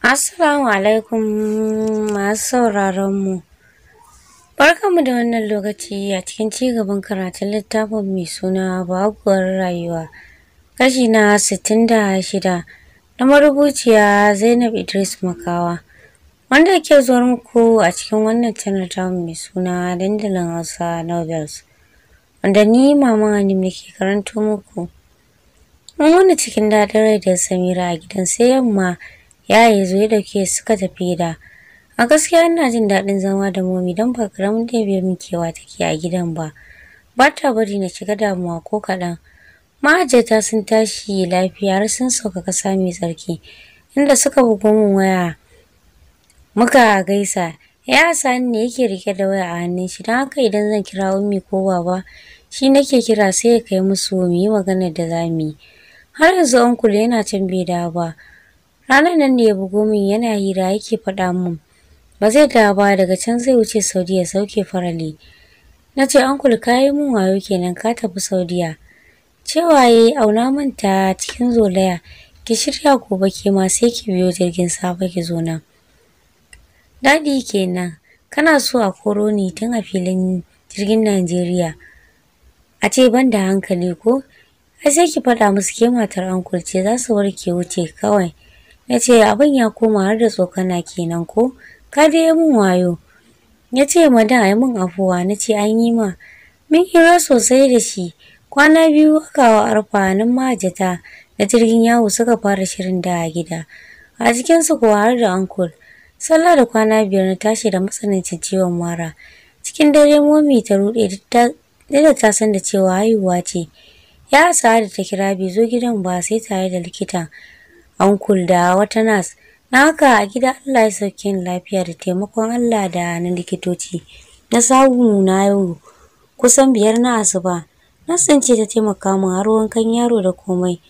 Assalamu alaikum masu mu. Barkanmu da wannan lokaci a cikin cigaban karatun littafin mai suna baguwar rayuwa. Kashi na sittin da shida na marubuciya Zainab Idris Makawa. Wanda ke zuwar muku a cikin wannan channel ta mai suna dandalin Hausa Novels. Wanda ni mama ni muke karanto muku. Mun wani cikin daɗin rai da Samira a gidan sai yamma yaye zo ya dauke suka tafi da a gaskiya ina jin daɗin zama da momi don ba karamin ɗebiyar min kewa take a gidan ba ba ta bari na shiga damuwa ko kaɗan Ma'ajiyata sun tashi lafiya har sun sauka kasa mai tsarki inda suka bugo min waya muka gaisa ya sani ne yake rike da waya a hannun shi don haka idan zan kira ummi ko baba shi nake kira sai ya kai musu mu yi magana da za yi har yanzu ankul yana can bai da ba Ranar nan da ya bugo min yana hira yake faɗa min. Ba zai dawo ba daga can zai wuce Saudi ya sauke farali. Na ce ankul ka yi min wayo kenan ka tafi Saudiya. Cewa ya auna manta cikin zolaya ki shirya gobe ke ma sai ki biyo jirgin safe ki zo nan. Daɗi kenan kana so a koro ni tun a filin jirgin Najeriya. A ce ban da hankali ko? Ai sai ki faɗa musu ke matar ankul ce za su warke wuce kawai. ya ce abin ya koma har da tsokana kenan ko ka dai mun wayo ya ce ma da yi mun afuwa na ce an yi ma min hira sosai da shi kwana biyu aka wa arfanin majata na jirgin yawo suka fara shirin da a gida a cikinsu kuwa har da ankul sallah da kwana biyar na tashi da matsanancin ciwon mara cikin dare momi ta ruɗe da ta san da cewa haihuwa ce ya da ta kira bai zo gidan ba sai tare da likita. uncle da wata nas na haka a gida Allah ya sauke ni lafiya da taimakon Allah da na likitoci na samu na yau kusan biyar na asuba na sance ta taimaka min har wankan yaro da komai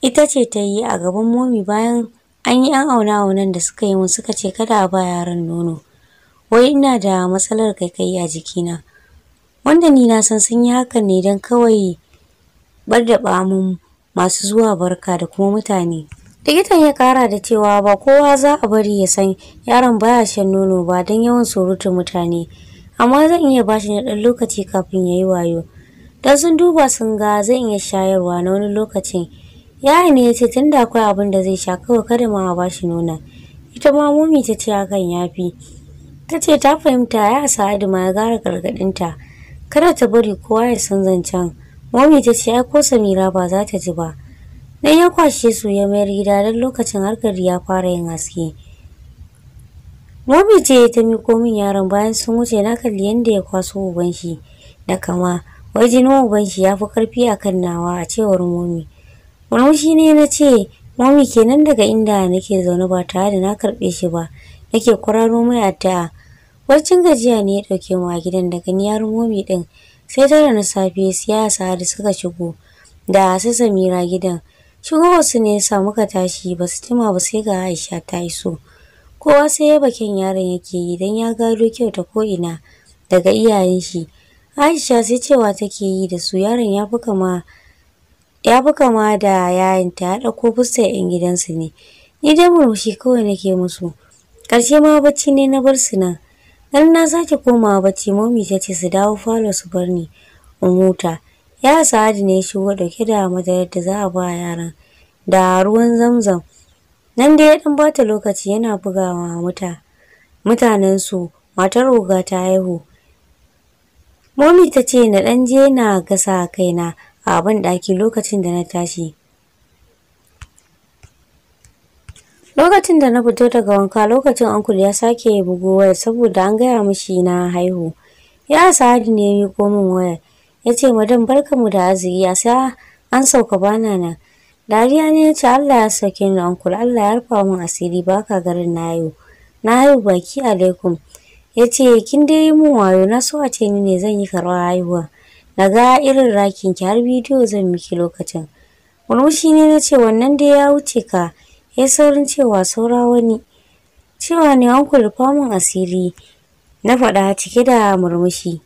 ita ce ta yi a gaban momi bayan an yi an auna aunan da suka yi mun suka ce kada a ba yaran nono wai ina da matsalar kaikayi a jikina wanda ni na san sun yi hakan ne don kawai bar da bamun masu zuwa barka da kuma mutane. Likitan ya kara da cewa ba kowa za a bari ya san yaron baya shan nono ba don yawan surutun mutane, amma zan iya bashi na ɗan lokaci kafin ya yi wayo. Don sun duba sun ga zan iya shayarwa na wani lokacin. Yaya ne ya ce tun da akwai abin da zai sha kawai kada ma a bashi nuna. Ita ma mumi ta ce hakan ya fi. Ta ce ta fahimta ya sa ma ya gara gargaɗinta. Kada ta bari kowa ya san zancen. Momi ta ce ai ko Samira ba za ta ji ba. Dan ya kwashe su ya mayar gida dan lokacin harkar ya fara yin haske. Momi ce ta miko min yaron bayan sun wuce na kalli yadda ya kwaso uban shi da kama wai jinin uban shi ya fi karfi akan nawa a cewar Momi. Murmushi ne na ce Momi kenan daga inda nake zaune ba tare da na karɓe shi ba nake kwararo mai ta'a. Wacin gajiya ne ya ɗauke mu a gidan daga ni yaron Mami ɗin. sai tara na safe siyasa da suka shigo da su samira gidan shigowarsu ne yasa muka tashi ba su jima ba sai ga aisha ta iso kowa sai ya bakin yaron yake yi don ya gado kyau ta ko'ina daga iyayen shi aisha sai cewa take yi da su yaron ya fi kama ya fi kama da yayanta ya ɗauko fuskar 'yan gidansu ne ni dai murmushi kawai nake musu ƙarshe ma bacci ne na bar su nan Dan na sake komawa bacci mami ta ce su dawo falo su bar ni in huta. Ya sa'adi ne ya shigo dauke da madarar da za a ba yaran da ruwan zamzam. Nan dai ya dan bata lokaci yana bugawa muta mutanen su matar oga ta haihu. Mami ta ce na dan je na gasa kaina a banɗaki lokacin da na tashi. Lokacin da na fito daga wanka lokacin ankul ya sake bugo waya saboda an gaya mishi na haihu. Ya sadi ne ya komin waya. Ya ce barka mu da arziki ya sa an sauka bana nan. Dariya ne ya ce Allah ya sauke ni ankul Allah ya rufa min asiri baka garin na haihu. Na haihu baki alaikum. Ya ce kin dai yi min wayo na so a ce ni ne zan yi karɓar haihuwa. Na ga irin rakin ki har bidiyo zan miki lokacin. Murmushi ne na ce wannan dai ya wuce ka. ya saurin cewa saura wani cewa ne an kula min asiri na faɗa cike da murmushi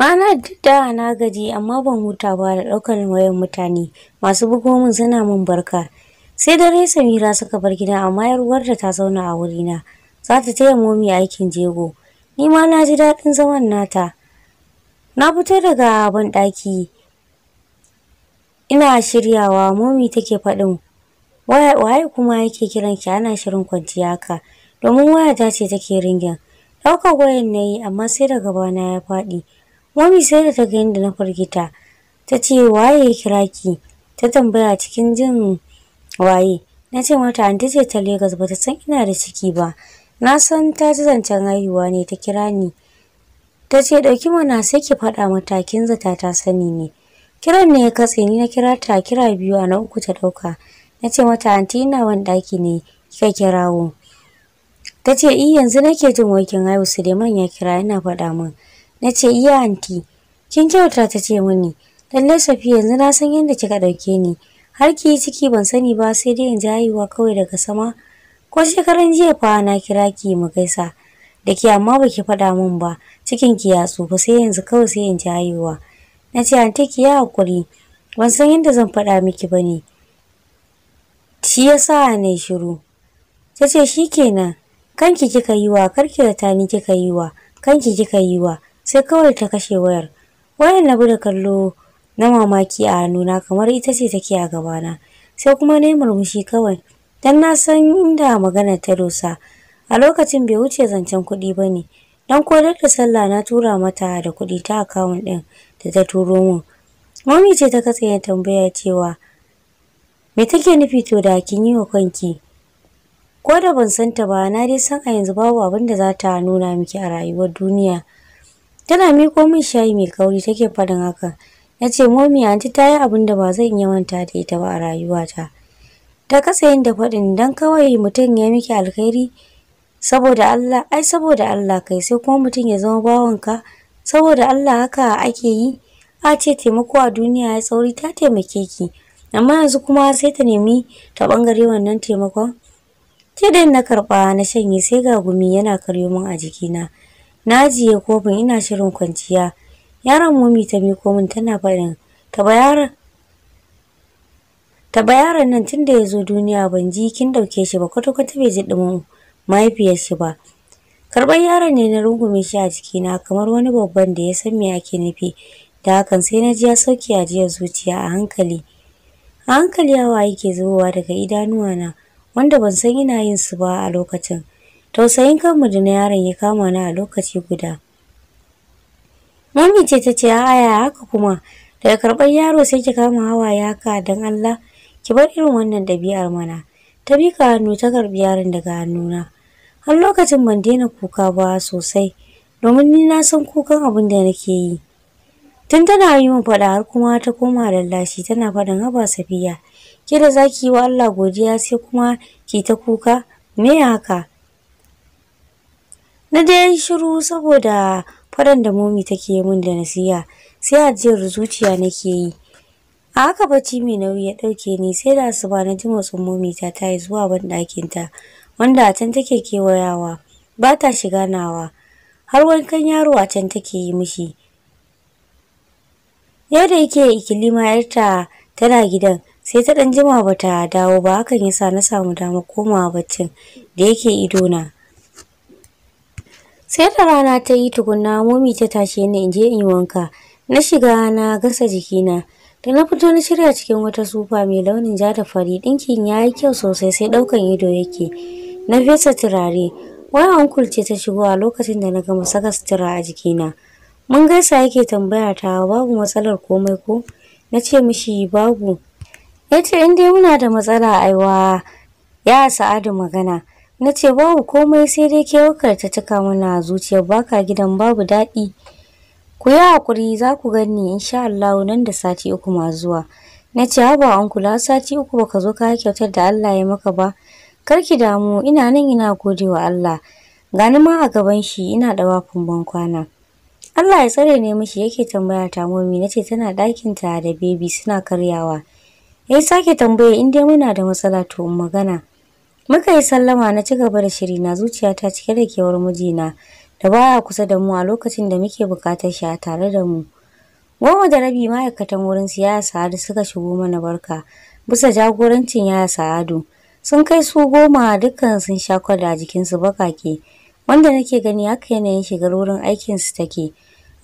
ma'ana da na gaji amma ban huta ba da ɗaukar wayan mutane masu bugo min suna min barka sai dare samira suka bar gida amma yarwar da ta zauna a wurina za ta taya momi aikin jego ni ma na ji daɗin zaman nata na fito daga banɗaki ina shiryawa momi take faɗin waye kuma yake kiran ki ana shirin kwanciya haka domin waya ta ce take ringin ɗaukar wayan nayi amma sai daga gabana ya faɗi mami sai da ta ga na firgita ta ce waye ya kira ki ta tambaya cikin jin waye na ce mata an ce ta Legas ba ta san ina da ciki ba na san ta ji zancen haihuwa ne ta kira ni ta ce ɗauki mana sai ki faɗa mata kin zata ta sani ne kiran ne ya katse ni na kira ta kira biyu a na uku ta ɗauka na ce mata anti ina wani ɗaki ne kika kirawo ta ce i yanzu nake jin wakin haihu suleiman ya kira yana faɗa min na ce iya anti kin kyauta ta ce mini lalle safi yanzu na san yadda kika ɗauke ni har ki ciki ban sani ba sai dai in ji haihuwa kawai daga sama ko shekaran jiya fa na kira ki mu gaisa da ki, amma ba ki faɗa min ba cikin ki ya tsufa sai yanzu kawai sai in ji haihuwa na ce anti ki ya haƙuri ban san yadda zan faɗa miki ba ne Shi ya sa shiru. Ta ce shi kenan, kanki kika yi wa, karki da tani kika yi wa, kanki kika yi wa, sai kawai ta kashe wayar. Wayar na da kallo na mamaki a hannuna kamar ita ce take a gabana. Sai kuma na yi murmushi kawai, don na san inda magana ta dosa. A lokacin bai wuce zancen kuɗi ba ne, don kodar da sallah na tura mata da kuɗi ta akawun ɗin da ta turo mun. Mami ce ta katsaye tambaya cewa, Me take nufi to da kin yi wa kanki? Ko da ban san ta ba, na dai san a yanzu babu abin da za ta nuna miki a rayuwar duniya. Tana miko min shayi mai kauri take faɗin haka. Ya ce momi anti ta yi abin da ba zan iya manta da ita ba a rayuwata. Ta kasa yin da faɗin dan kawai mutum ya miki alkhairi saboda Allah ai saboda Allah kai sai kuma mutum ya zama bawanka saboda Allah haka ake yi a ce taimako a duniya ya tsauri ta taimake ki. amma yanzu kuma sai ta nemi ta bangare wannan taimakon da na karba na shanye sai ga gumi yana karyo min a jikina na ajiye kofin ina shirin kwanciya yaron momi ta miko min tana faɗin ta yaron ta nan tunda ya zo duniya ban ji kin dauke shi ba kwata-kwata bai ji ɗumin mahaifiyar shi ba karɓar yaron ne na rungume shi a jikina kamar wani babban da ya san me ake nufi da hakan sai na ji ya sauke ajiyar zuciya a hankali a hankali hawa yake zubowa daga idanuwa na, wanda ban san ina yin su ba a lokacin tausayin kanmu da na yaron ya kama ni a lokaci guda mami ce ta ce aya haka kuma daga karɓar yaro sai ki kama hawaye haka don allah ki bar irin wannan ɗabi'ar mana ta bi ka hannu ta karɓi yaron daga hannuna har lokacin ban daina kuka ba sosai domin ni na san kukan abin da nake yi Tun tana yi min faɗa har kuma ta koma lallashi tana faɗin haba Safiya. Ke da za yi wa Allah godiya sai kuma ki ta kuka me haka? Na dai shiru saboda faɗan da momi take yi min da nasiya sai ajiyar zuciya nake yi. A haka bacci mai nauyi ya ɗauke ni sai da asuba na ji motsin momi ta tayi zuwa banɗakinta wanda a can take kewayawa ba ta shiga nawa har wankan yaro a can take yi mishi. yau da yake ikilima yarta tana gidan sai ta dan jima bata dawo ba hakan yasa na samu damar komawa baccin da yake idona sai da rana ta yi tukunna momi ta tashi ni in je in yi wanka na shiga na gasa jikina da na fito na shirya cikin wata sufa mai launin ja da fari ɗinkin ya yi kyau sosai sai ɗaukan ido yake na fesa turare wani ankul ce ta shigo a lokacin da na gama saka sutura a jikina Mun gaisa yake tambaya ta babu matsalar komai ko? Na ce mishi babu. Ya ce in dai muna da matsala aiwa ya sa'adu magana. Na ce babu komai sai dai kewakar ta cika mana zuciyar baka gidan babu daɗi. Ku yi haƙuri za ku gani insha Allah nan da sati uku masu zuwa. Na ce haba an kula sati uku baka zo ka kyautar da Allah ya maka ba. Kar ki damu ina nan ina gode wa Allah. Gani ma a gaban shi ina da wafin bankwana. kwana. Allah ya tsare ne mishi yake tambaya ta momi nace tana ɗakin ta da baby suna karyawa. Ya sake tambaya in dai muna da matsala to magana. Muka yi sallama na ci gaba da shiri na ta cike da kewar mijina da baya kusa da mu a lokacin da muke buƙatar shi a tare da mu. Goma da rabi ma'aikatan wurin siyasa Sa'adu suka shigo mana barka bisa jagorancin yaya Sa'adu. Sun kai su goma dukkan sun sha kwada jikinsu bakake wanda nake gani haka yanayin shigar wurin aikinsu take.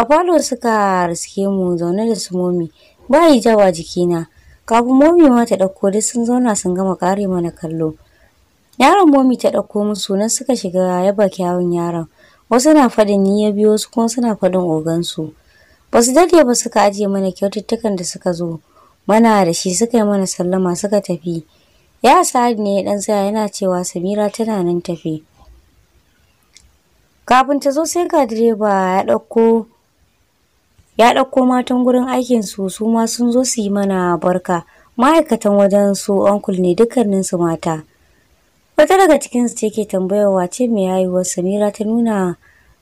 a falo suka riske mu zaune da su momi ba yi jawa jikina kafin momi ma ta ɗauko duk sun zauna sun gama kare mana kallo yaron momi ta ɗauko musu nan suka shiga ya ba kyawun yaron wasu na faɗin ni ya biyo su kuma suna faɗin ogansu ba su dade ba suka ajiye mana kyaututtukan da suka zo mana da shi suka yi mana sallama suka tafi ya sa'ad ne ya ɗan tsaya yana cewa samira tana nan tafi kafin ta zo sai ga direba ya ɗauko ya ɗauko matan gurin aikin su su ma sun zo su yi mana barka ma'aikatan wajen su uncle ne dukkanin su mata wata daga cikin su take tambayar wace mai haihuwar samira ta nuna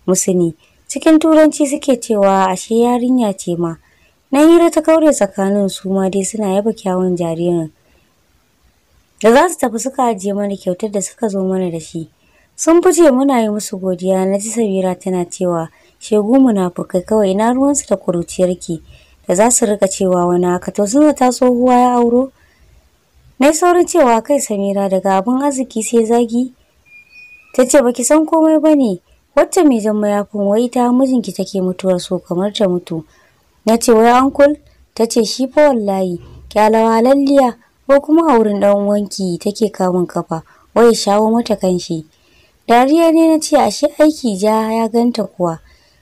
musu ne cikin turanci suke cewa ashe yarinya ce ma na hira ta kaure tsakanin su ma dai suna yaba kyawun jaririn da za su tafi suka ajiye mana kyautar da suka zo mana da shi sun fice muna yi musu godiya na ji samira tana cewa shegu munafukai kawai ina ruwansu da kuruciyarki da za su rika cewa wani haka to zuma ta tsohuwa ya auro na saurin cewa kai samira daga abin arziki sai zagi ta ce baki san komai ba ne wacce mai jan mayafin wai ta mijinki take mutuwar so kamar ta mutu na ce wai ankul ta ce shi fa wallahi kyalawa lalliya ko kuma a wurin dan wanki take kamun kafa wai shawo mata kanshi dariya ne na ce ashe aiki ja ya ganta kuwa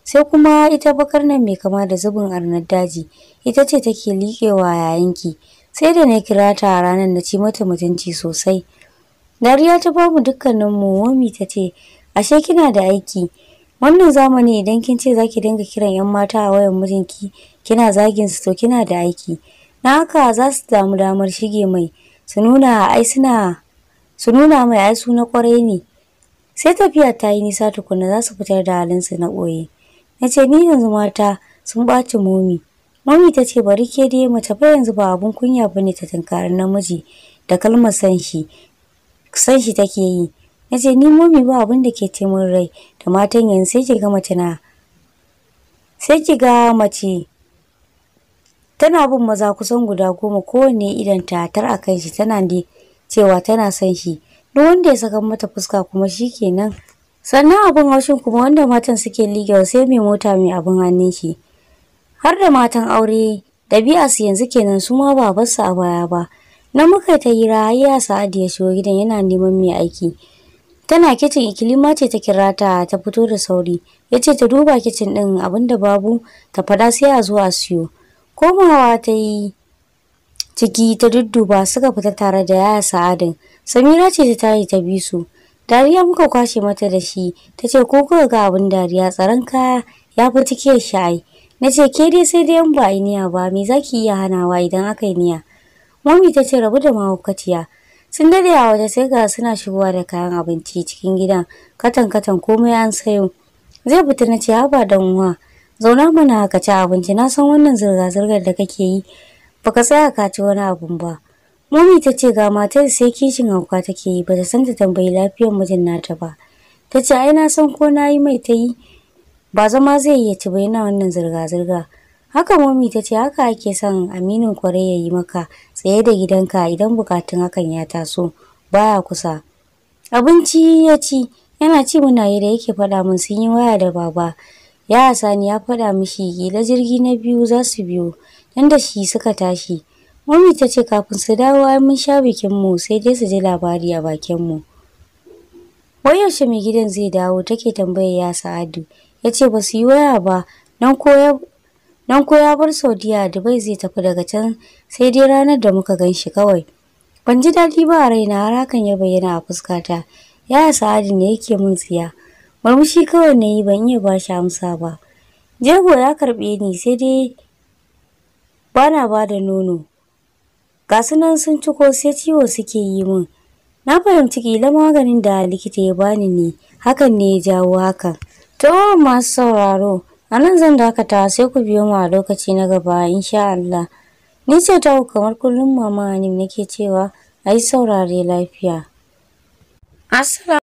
sai kuma ita bakar nan mai kama da zubin arnar daji ita ce take liƙewa yayanki sai da na kira ta a ranar na ci mata mutunci sosai dariya ta ba mu dukkaninmu Wami ta ce ashe kina da aiki wannan zamani idan kin ce zaki dinga kiran yan mata a wayan mijinki kina zagin su to kina da aiki na haka za su samu damar shige mai su nuna ai suna su nuna mai ai su na kwarai ne sai tafiya ta yi nisa tukuna za su fitar da halinsu na ɓoye Na ce ni yanzu mata sun ɓaci momi. Mami ta ce bari ke dai mace ba, yanzu ba abun kunya bane ta tunkarar namiji da kalmar san shi. San shi take yi. Na ce ni momi ba abun da ke taimun rai da matan yanzu sai ki mace na. Sai kiga mace tana bin maza kusan guda goma kowanne idan ta tar a kan shi tana da cewa tana san shi duk wanda ya saka mata fuska kuma shikenan sannan abin haushin kuma wanda matan suke ligewa sai mai mota mai abin hannun shi har da matan aure ɗabi'a su yanzu kenan su ma ba basu a baya ba na muka ta har ya sa'adi ya shigo gidan yana neman mai aiki tana kicin ikilima ce ta kira ta ta fito da sauri ya ce ta duba kicin ɗin da babu ta faɗa sai a zuwa siyo komawa ta yi ciki ta dudduba suka fita tare da yaya sa'adin samira ce ta tayi ta bi su Dariya muka kwashe mata da shi, ta ce ko kuka ga abin dariya tsaron kaya ya fi cike sha'ai. Na ce ke dai sai dai in ba yi niya ba, me za ki iya hanawa idan aka yi niya. Mami ta ce rabu da mahaukaciya. Sun dade a waje sai ga suna shigowa da kayan abinci cikin gidan, katan katan komai an sayo. Zai fita na ce haba dan uwa, zauna mana ka ci abinci na san wannan zirga-zirgar da kake yi. Baka tsaya ka ci wani abun ba. Mami ta ce ga matar sai kishin hauka take yi bata san ta tambayi lafiyar mijin nata ba. Ta ce ai na san ko na yi mai ta yi ba zama zai iya ci ba yana wannan zirga-zirga. Haka mami ta ce haka ake son Aminu kwarai ya yi maka tsaye da gidanka idan bukatun hakan ya taso baya kusa. Abinci ya ci yana ci muna yi da yake faɗa min sun yi waya da baba. Ya Sani ya faɗa mishi kila jirgi na biyu za su biyo, nan da shi suka tashi. Mami ta ce kafin su dawo ai mun sha bikin mu sai dai su ji labari a bakin mu. Wai yaushe mai gidan zai dawo take tambayar ya Sa'adu. Ya ce ba su yi waya ba nan ko ya nan bar Saudiya Dubai zai tafi daga can sai dai ranar da muka ganshi kawai. Ban ji daɗi ba a raina har hakan ya bayyana a fuskata. Ya Sa'adu ne yake mun tsiya. Murmushi kawai na yi ban iya ba shi amsa ba. Jego ya karɓe ni sai dai bana ba da nono. Gasu nan sun ciko sai ciwo suke yi min na fahimci kila maganin da likita ya bani ne hakan ne ya jawo haka to masu sauraro a nan zan dakata sai ku biyo mu a lokaci na gaba insha Allah ni ce ta kamar kullum mama ne nake cewa ayi saurare lafiya assalamu